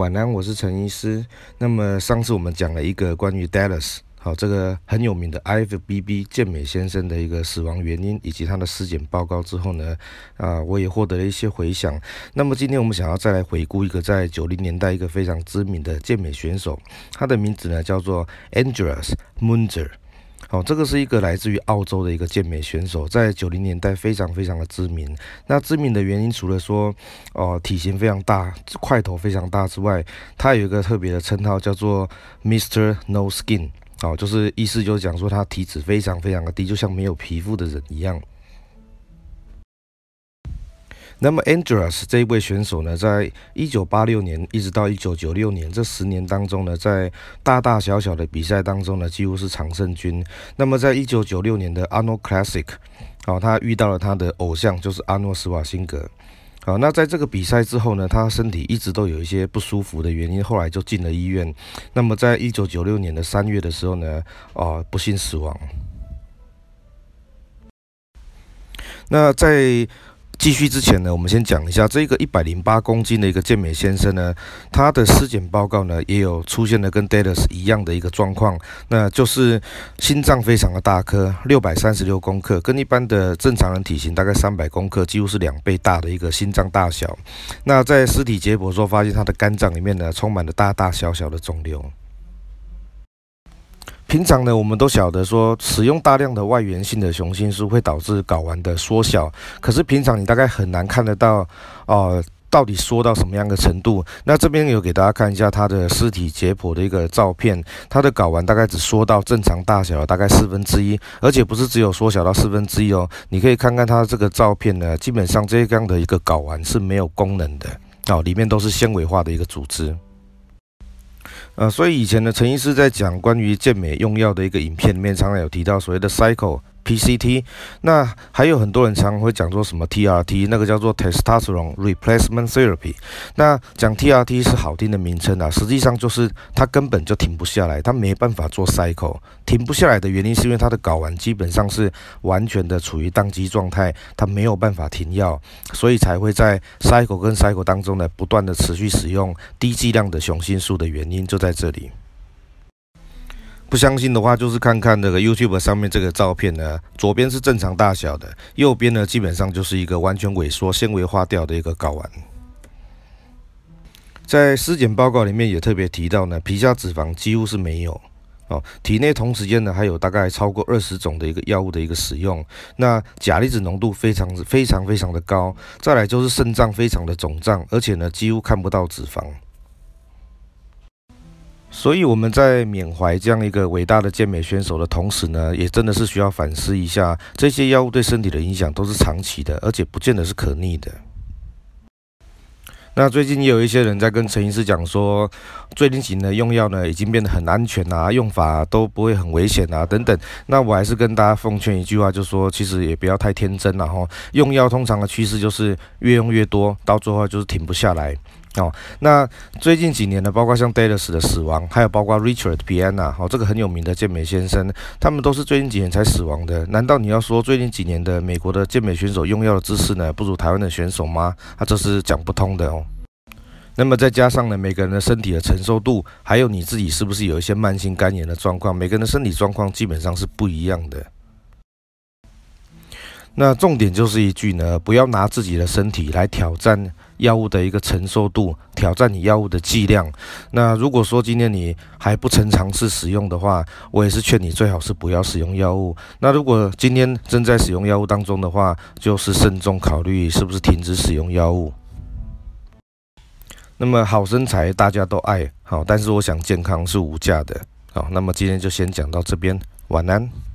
晚安，我是陳醫師。那麼上次我們講了一個關於 Dallas，好，這個很有名的 IFBB 健美先生的一個死亡原因以及他的屍檢報告之後呢，啊、呃，我也獲得了一些回響。那麼今天我們想要再來回顧一個在九零年代一個非常知名的健美選手，他的名字呢叫做 Andreas Munzer。哦，這個是一個來自於澳洲的一個健美選手，在九零年代非常非常的知名。那知名的原因，除了說哦、呃、體型非常大、塊頭非常大之外，他有一個特別的稱號叫做 Mister No Skin，哦，就是意思就是講說他體脂非常非常的低，就像沒有皮膚的人一樣。那麼，Andreas 這一位選手呢，在一九八六年一直到一九九六年這十年當中呢，在大大小小的比賽當中呢，幾乎是常勝軍。那麼，在一九九六年的 Arnold Classic，好、哦，他遇到了他的偶像，就是阿諾斯瓦辛格。好、哦，那在這個比賽之後呢，他身體一直都有一些不舒服的原因，後來就進了醫院。那麼，在一九九六年的三月的時候呢，哦，不幸死亡。那在繼續之前呢，我們先講一下這個一百零八公斤的一個健美先生呢，他的屍檢報告呢也有出現了跟 Dallas 一樣的一個狀況，那就是心臟非常的大顆，六百三十六公克，跟一般的正常人體型大概三百公克，幾乎是兩倍大的一個心臟大小。那在屍體解剖的時候發現他的肝臟裡面呢充滿了大大小小的腫瘤。平常呢，我們都曉得說，使用大量的外源性的雄性素會導致睾丸的縮小。可是平常你大概很難看得到哦，呃，到底縮到什麼樣的程度？那這邊有給大家看一下它的屍體解剖的一個照片，它的睾丸大概只縮到正常大小，大概四分之一，而且不是只有縮小到四分之一哦。你可以看看它這個照片呢，基本上這樣的一個睾丸是沒有功能的哦，裡面都是纖維化的一個組織。啊，所以以前呢，陳醫師在講關於健美用藥的一個影片裡面，常常有提到所謂的 cycle。PCT 那還有很多人常常會講說什麼 TRT，那個叫做 testosterone replacement therapy。那講 TRT 是好聽的名稱啊，實際上就是它根本就停不下來，它沒辦法做 cycle。停不下來的原因是因為它的睾丸基本上是完全的處於宕機狀態，它沒有辦法停藥，所以才會在 cycle 跟 cycle 當中呢，不斷的持續使用低劑量的雄性素的原因就在這裡。不相信的話，就是看看這個 YouTube 上面這個照片呢，左邊是正常大小的，右邊呢基本上就是一個完全萎縮、纖維化掉的一個睾丸。在屍檢報告裡面也特別提到呢，皮下脂肪幾乎是沒有哦，體內同時間呢還有大概超過二十種的一個藥物的一個使用，那鉀離子濃度非常非常非常的高，再來就是腎臟非常的腫脹，而且呢幾乎看不到脂肪。所以我們在緬懷這樣一個偉大的健美選手的同時呢，也真的是需要反思一下，這些藥物對身體的影響都是長期的，而且不見得是可逆的。那最近也有一些人在跟陳醫師講說，最近幾年的用藥呢，已經變得很安全啊，用法啊，都不會很危險啊，等等。那我還是跟大家奉勸一句話，就是說，其實也不要太天真了哈。用藥通常的趨勢就是越用越多，到最後就是停不下來。哦，那最近幾年呢，包括像 Dennis 的死亡，還有包括 Richard Piana 哦，這個很有名的健美先生，他們都是最近幾年才死亡的。難道你要說最近幾年的美國的健美選手用藥的知識呢，不如台灣的選手嗎？他、啊、這是講不通的哦。那麼再加上呢，每個人的身體的承受度，還有你自己是不是有一些慢性肝炎的狀況？每個人的身體狀況基本上是不一樣的。那重點就是一句呢，不要拿自己的身體來挑戰藥物的一個承受度，挑戰你藥物的劑量。那如果說今天你還不曾嘗試使用的話，我也是勸你最好是不要使用藥物。那如果今天正在使用藥物當中的話，就是慎重考慮是不是停止使用藥物。那麼好身材大家都愛好，但是我想健康是無價的。好，那麼今天就先講到這邊，晚安。